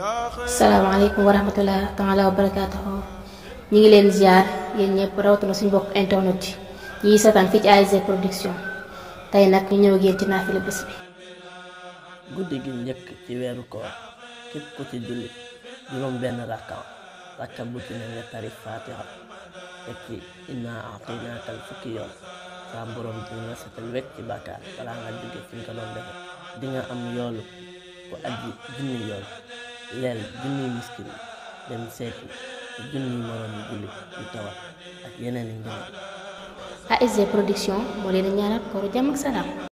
assalamualaikum warahmatullahi rahmatulah taala wa barakaatuhu ngi leen ziar yéen ñëpp rawatina suñu bokk internet yi satan fi ci ASG production tay nak ñu ñew génn ci naafila bés bi. guddi gi ñek ci weeru ko kep ko ci julli juróom ben rakkaw rakka bu ci ñe tarif fatiha ak ci inna aqina kal fukiyo sa borom na satal wet ci bakkar balaa nga jóge ci nga ko doon def di nga am yoolu ko aji jinn yoolu leel junniy miskin dem seeti te yi moroom yu jullit yu tawat ak yeneen i njëriñ. ASG production moo leen a ñaanal kooru jàmm ak salaam.